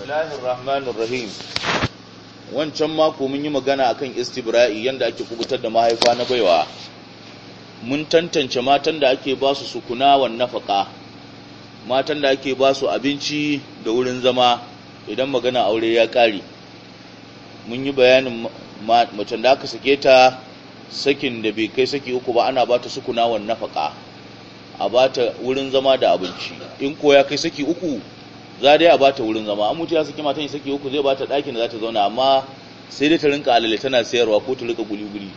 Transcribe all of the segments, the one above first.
Bismillahir Wancan mako mun yi magana akan istibra'i yanda ake kubutar da mahaifa na baiwa. Mun tantance matan da ake ba su sukuna wa nafaka. Matan da ake ba su abinci da wurin zama idan magana aure ya kare. Mun yi bayanin macen da aka sake ta sakin da bai kai saki uku ba ana ba ta sukuna wa nafaka. A ba ta wurin zama da abinci. In ko ya kai saki uku za dai a bata wurin zama an mutu ya saki matan ya saki uku zai bata ɗakin da za ta zauna amma sai dai ta rinka alale tana sayarwa ko ta rinka guli-guli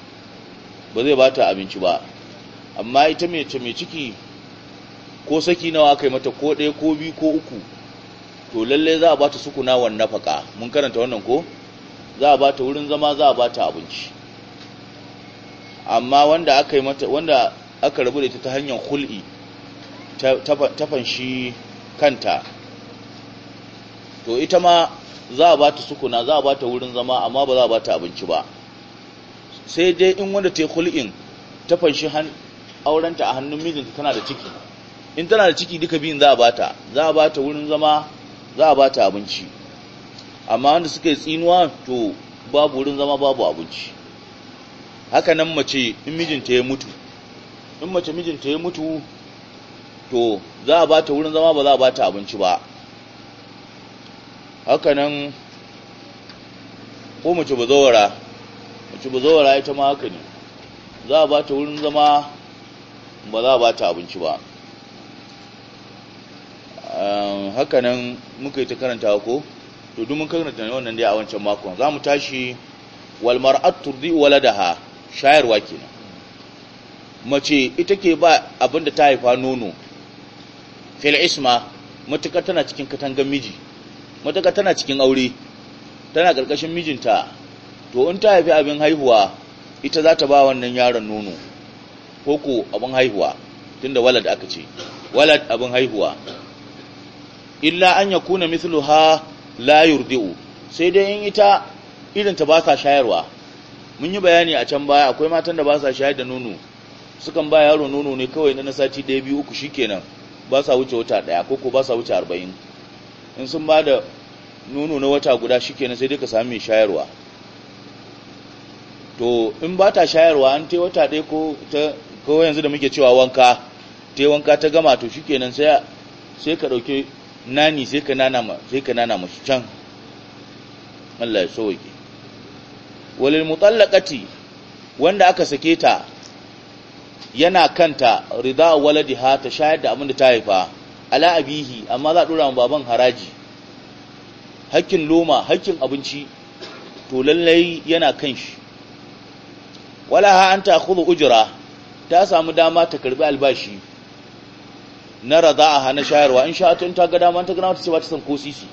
ba zai bata abinci ba amma ita mai mai ciki ko saki nawa aka yi mata ko ɗaya ko biyu ko uku to lallai za a bata sukuna wan nafaka mun karanta wannan ko za a bata wurin zama za a bata abinci amma wanda aka yi mata wanda aka rabu da ita ta hanyar hul'i ta fanshi kanta to ita ma za a ba ta sukuna za a ba ta wurin zama amma ba za a ba ta abinci ba sai dai in wanda ta yi hul'in ta fanshi aurenta a hannun mijinta tana da ciki in tana da ciki duka biyun za a ba ta za a ba ta wurin zama za a ba ta abinci amma wanda suka yi tsinuwa to babu wurin zama babu abinci haka nan mace in mijinta ya mutu in mace mijinta ya mutu to za a ba ta wurin zama ba za a ba ta abinci ba haka nan ko mace bazawara mace buzowara ita ma haka ne za a ba ta wurin zama ba za a ba ta abinci ba haka nan muka yi ta karanta ko to duk mun karanta ne wannan dai a wancan makon za mu tashi wal mar'at turdi waladaha shayarwa kenan mace ita ke ba abinda ta haifa nono fil isma matuƙar tana cikin katangan miji mataka tana cikin aure tana ƙarƙashin mijinta to in ta haifi abin haihuwa ita za ta ba wannan yaron nono ko ko abin haihuwa tunda walad aka ce walad abin haihuwa illa an yakuna mithluha la yurdi'u sai dai in ita irin ta ba sa shayarwa mun yi bayani a can baya akwai matan da ba sa shayar da nono sukan ba yaro nono ne kawai na sati ɗaya biyu uku shikenan ba sa wuce wata ɗaya ko ko ba sa wuce arba'in in sun ba da nono na wata guda shikenan sai dai ka sami mai shayarwa to in ba ta shayarwa an ta wata ɗaya ko ta ko yanzu da muke cewa wanka ta wanka ta gama to shikenan sai sai ka ɗauki nani sai ka nana ma sai ka nana mashi can Allah ya sauke walil mutallaqati wanda aka sake ta yana kanta rida waladiha ta shayar da abin da ta haifa ala abihi amma za a dora baban haraji hakkin loma hakkin abinci to lallai yana kan shi wala ha an takhudhu ujra ta samu dama ta karbi albashi na a hana shayarwa in sha'atu in ta ga dama ta gana ta ce ba ta san ko sisi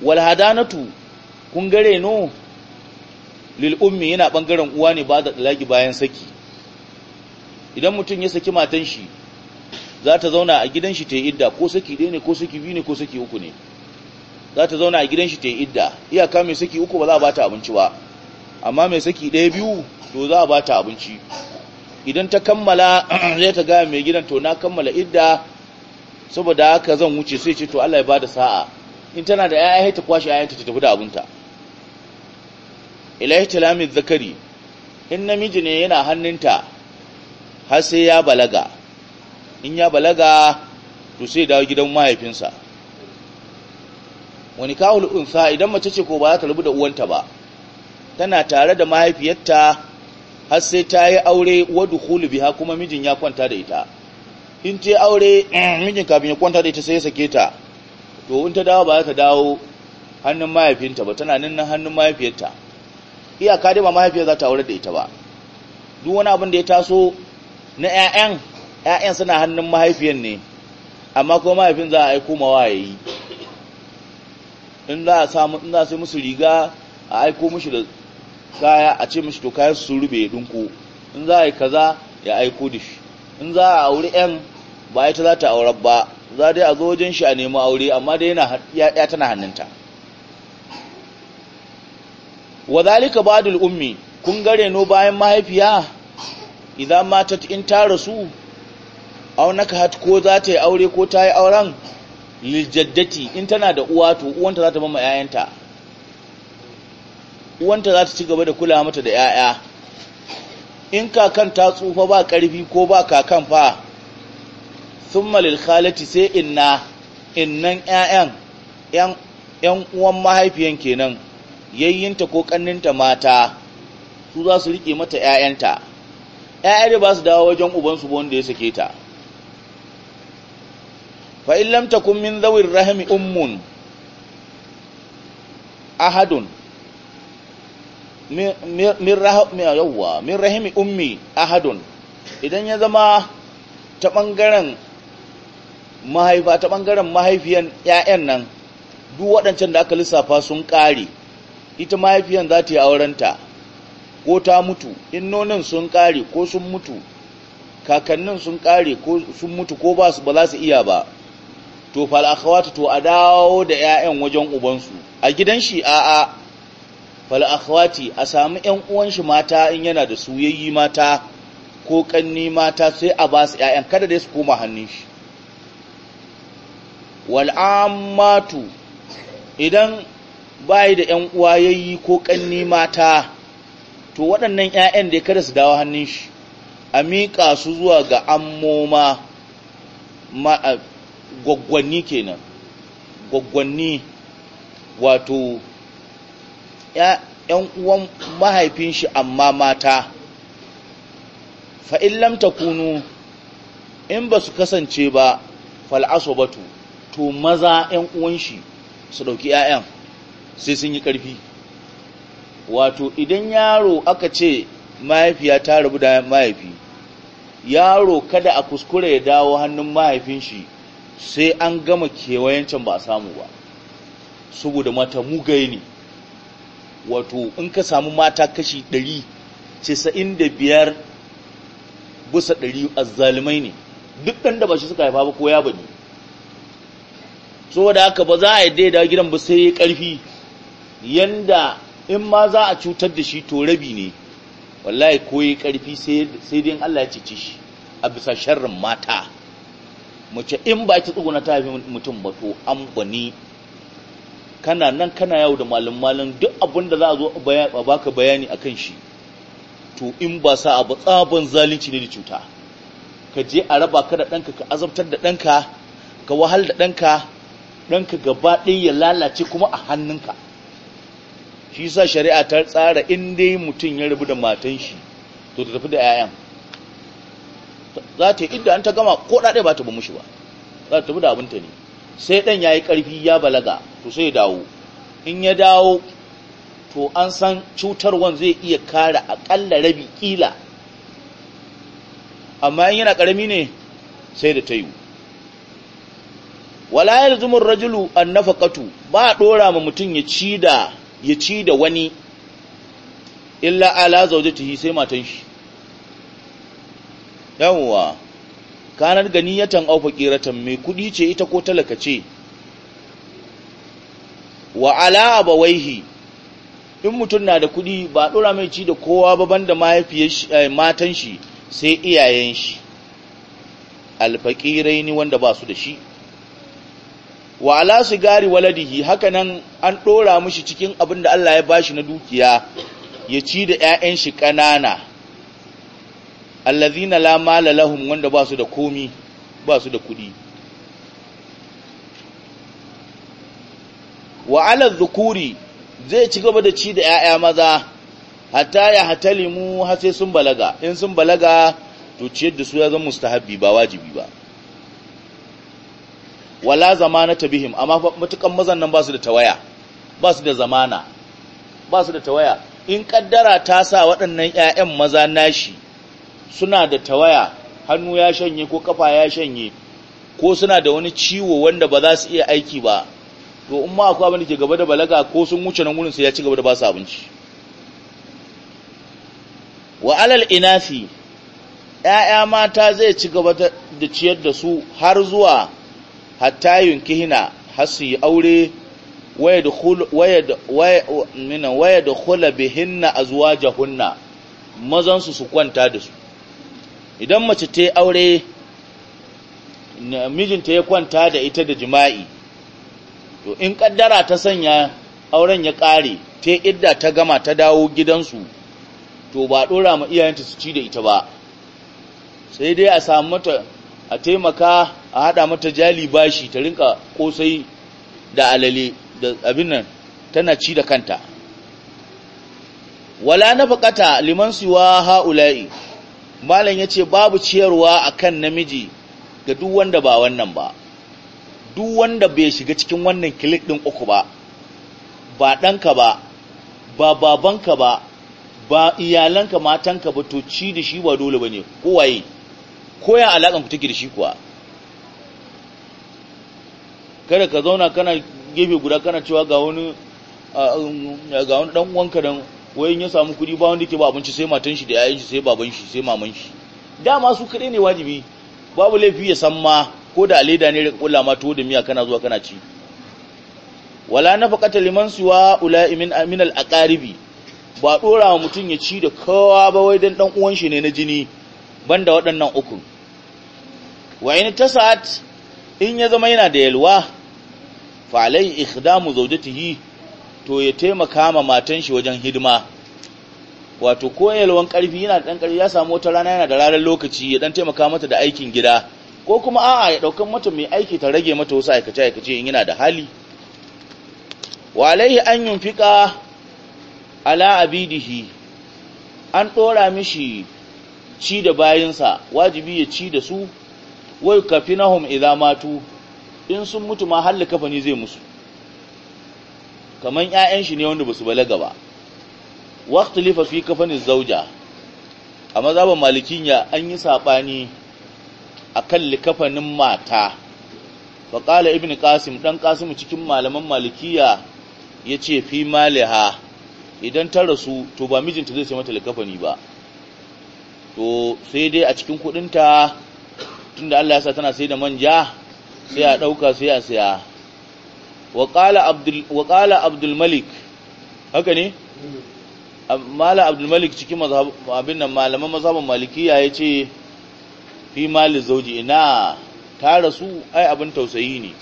wal hadanatu kun gare no lil ummi yana bangaren uwa ne ba da dalaki bayan saki idan mutum ya saki matan shi za ta zauna a gidan shi ta yi idda ko saki ɗaya ne ko saki biyu ne ko saki uku ne za ta zauna a gidan shi ta yi idda iyaka mai saki uku ba za a bata abinci ba amma mai saki ɗaya biyu to za a bata abinci idan ta kammala zai ta gaya mai gidan to na kammala idda saboda haka zan wuce sai ce to Allah ya bada sa'a in tana da 'ya'ya ta kwashe 'ya'yanta ta tafi da abunta ilahi talamin zakari in namiji ne yana hannunta har sai ya balaga in ya balaga to sai dawo gidan mahaifinsa wani kawul unsa idan mace ce ko ba za ta rubu da uwanta ba tana tare da mahaifiyarta har sai ta yi aure wadu hulu biha kuma mijin ya kwanta da ita in ce aure mijin kafin ya kwanta da ita sai ya sake ta to in ta dawo ba za ta dawo hannun mahaifinta ba tana nan hannun mahaifiyarta iyaka dai ba mahaifiyar za ta aure da ita ba duk wani abin da ya taso na 'ya'yan 'ya'yan suna hannun mahaifiyan ne amma ko mahaifin za a aiko mawayayi in za a sai musu riga a aiko mushi da kaya a ce mushi to kaya su rube ya dunko in za a yi kaza ya aiko da shi in za a auri 'yan ba ita za ta aurar ba za dai a zo wajen shi a nemi aure amma dai ya tana hannunta wa zalika ba ummi kun gare no bayan mahaifiya idan matat in ta rasu Aunaka nakahat ko za ta yi aure ko ta yi auren liljaddati in tana da uwa to uwanta za ta ba 'ya'yanta uwanta za ta ci gaba da kula mata da 'ya'ya in kakan ta tsufa ba ƙarfi ko ba kakan fa sun malil khalati sai inna innan 'ya'yan 'yan uwan mahaifiyan kenan yayyinta ko ƙanninta mata su za su riƙe mata 'ya'yanta 'ya'ya da ba su dawo wajen ubansu ba wanda ya sake ta fa in lam takun min zawir rahmi ummun ahadun min yawwa min rahimi ummi ahadun idan ya zama ta bangaren mahaifa ta bangaren mahaifiyan ƴaƴan nan duk waɗancan da aka lissafa sun ƙare ita mahaifiyan za ta yi aurenta ko ta mutu nonin sun ƙare ko sun mutu kakannin sun ƙare ko sun mutu ko ba su ba za su iya ba to fal akhawatu to a dawo da ƴaƴan wajen ubansu a gidan shi a'a fal akhawati a samu ƴan uwan shi mata in yana da su mata ko kanni mata sai a ba su ƴaƴan kada dai su koma hannun shi wal ammatu idan bai da ƴan uwa yayyi ko kanni mata to waɗannan ƴaƴan dai kada su dawo hannun shi a miƙa su zuwa ga ammoma gwaggwanni kenan gwaggwanni wato ‘yan uwan mahaifin shi amma mata fa'in lamta kunu in ba su kasance ba fal'aso batu to maza ‘yan uwan shi su ɗauki ‘ya'yan sai sun yi ƙarfi wato idan yaro aka ce mahaifiya ta rabu da mahaifi yaro kada a kuskure ya dawo hannun mahaifin shi sai an gama kewayen can ba a samu ba saboda mata mugaye ne wato in ka samu mata kashi ɗari casa'in da biyar bisa ɗari azzalumai ne duk ɗan da ba shi suka haifa ba ko ya bani saboda haka ba za a yi daida gidan ba sai ya ƙarfi yanda in ma za a cutar da shi to rabi ne wallahi ko ya ƙarfi sai dai Allah ya cici shi a bisa sharrin mata mace in ba ki tsuguna ta haifi mutum ba to an bani kana nan kana yawo da malin malin duk abin da za a zo a baka bayani akan shi to in ba sa abu tsaban zalunci ne da cuta ka je a raba ka da ɗanka ka azabtar da ɗanka ka wahal da ɗanka ɗanka gaba ɗaya ya lalace kuma a hannunka shi sa shari'a ta tsara in dai mutum ya rabu da matan shi to ta tafi da 'ya'yan za ta yi an ta gama ko ɗaɗe ba ta ba mushi ba za ta tafi da abinta ne sai ɗan ya yi ƙarfi ya balaga to sai dawo in ya dawo to an san cutarwan zai iya kare aƙalla rabi ƙila amma in yana ƙarami ne sai da ta yi wala yalzumu rajulu an nafakatu ba a ɗora ma mutum ya ci da wani illa ala yi, sai matan shi yawwa kanar ganiyatan aw faqiratan mai kudi ce ita ko talaka ce wa ala abawaihi in mutum na da kudi ba ɗora mai ci da kowa ba banda mahaifiyar shi eh, matan shi sai iyayen shi ne wanda ba su da shi wa ala sigari waladihi hakanan an ɗora mishi cikin abin da Allah ya bashi na dukiya ya ci da ƴaƴan shi ƙanana allazina la mala lahum wanda ba su da komi ba su da kudi wa ala dhukuri zai ci gaba da ci da 'ya'ya maza hatta ya hatalimu har sai sun balaga in sun balaga to ciyar da su ya zama mustahabbi ba wajibi ba wala ta bihim amma matukan mazan nan ba su da tawaya ba su da zamana ba su da tawaya in kaddara ta sa waɗannan 'ya'yan maza nashi suna da tawaya hannu ya shanye ko kafa ya shanye ko suna da wani ciwo wanda ba za su iya aiki ba to in ma akwai abin da ke gaba da balaga ko sun wuce nan gurin sai ya ci gaba da ba su abinci wa alal inafi ƴaƴa mata zai ci gaba da ciyar da su har zuwa hatta yunkihina har su yi aure waya da hula bihinna a zuwa jahunna mazansu su kwanta da su idan mace ta yi aure mijinta ya kwanta da ita da jima'i to in kaddara ta sanya auren ya ƙare ta idda ta gama ta dawo gidansu to ba ɗora ma iyayenta su ci da ita ba sai dai a samu mata a taimaka a haɗa mata jali bashi ta rinka ƙosai da alale da abin nan tana ci da kanta wala nafaqata liman siwa ha'ula'i malam ya ce, babu ciyarwa a kan namiji ga duk wanda ba wannan ba duk wanda bai shiga cikin wannan kilik ɗin uku ba ba ɗanka ba ba babanka ba ba iyalanka matanka ba to ci da shi ba dole ba ne kowaye koya alaƙan ku take da shi kuwa kada ka zauna kana gefe guda kana cewa ga wani um, ga wani uwanka Wai in ya samu kuɗi ba wanda ke ba abinci sai matan shi da yayin shi sai baban shi sai maman shi dama su kaɗai ne wajibi babu laifi ya san ma ko da leda ne rika kula ma da miya kana zuwa kana ci wala nafaqata liman suwa ula'i min min al-aqaribi ba dora wa mutun ya ci da kowa ba wai dan dan uwan shi ne na jini banda waɗannan uku wa in tasat in ya zama yana da yalwa fa alai ikhdamu zawjatihi to ya taimaka ma matan shi wajen hidima wato ko yalwan karfi yana da dan karfi ya samu wata rana yana da ranar lokaci ya dan taimaka mata da aikin gida ko kuma a'a ya daukan mata mai aiki ta rage mata wasu aikace aikace in yana da hali wa alaihi an yunfika ala abidihi an dora mishi ci da bayinsa wajibi ya ci da su wai kafinahum idza matu in sun mutu ma halli kafani zai musu kaman ƴaƴan shi ne wanda ba su balaga ba lifa fi kafanin zauja a mazhaban malikiya an yi sabani akan likafanin mata fa qala ibn qasim dan qasim cikin malaman malikiya yace fi maliha idan ta rasu to ba mijinta zai sai mata likafani ba to sai dai a cikin kudinta tunda Allah ya sa tana sai da manja sai a ɗauka sai a saya wa Abdulmalik, haka ne mala Abdulmalik cikin abin nan malaman mazhabin malikiya ya ce fi mali zauji ina ta rasu ai abin tausayi ne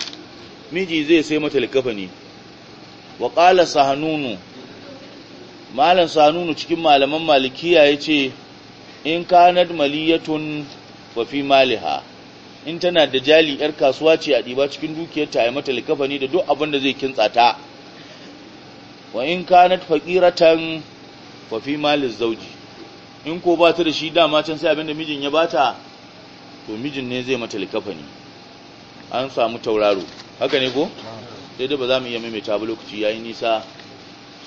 miji zai sai mata likafa ne wa qala sahanunu malan sahanunu cikin malaman malikiya ya ce in kanat maliyatun wa fi maliha in tana da jali yar kasuwa ce a ɗiba cikin dukiyarta a yi mata likafani da duk abin da zai kintsa ta wa in kanat faqiratan fa fi maliz zawji in ko ba ta da shi dama can sai abin da mijin ya bata to mijin ne zai mata likafani an samu tauraro haka ne ko sai da ba za mu iya maimaita ba lokaci yayi nisa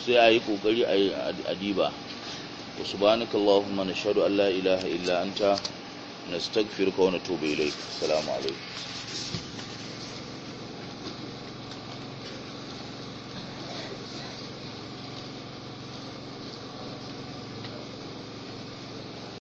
sai a yi kokari a diba wa subhanakallahumma nashhadu an la ilaha illa anta nastaghfiruka wani tobe ilai salamu alaikum